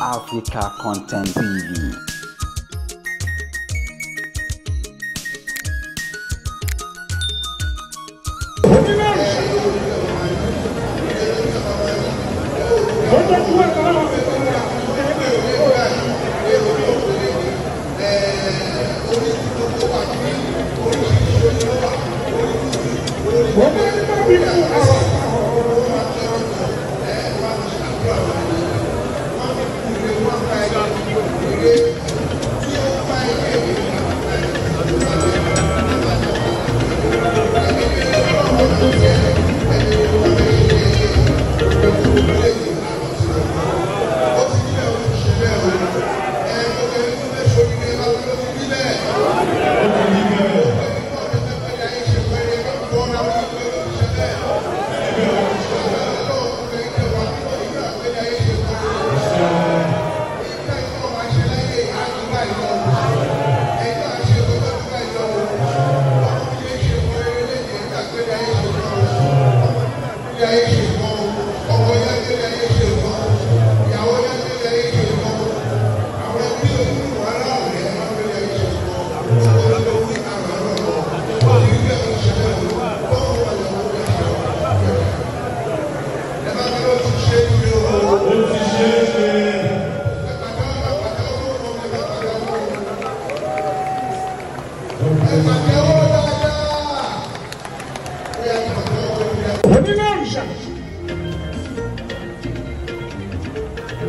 Africa Content TV. Thank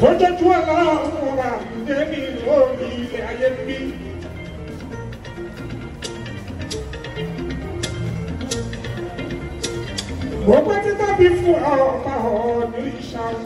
kójọ́jú ọlọ́run wà lẹ́ni lórí ilẹ̀ ayé bí. gbogbo títà bí fún ọ̀pá ọ̀ọ́dún ìṣàlù.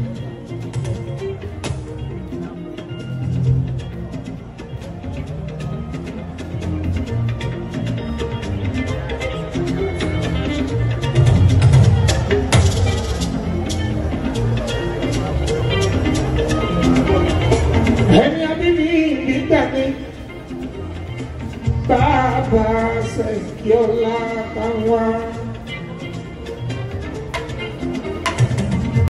Your life, I want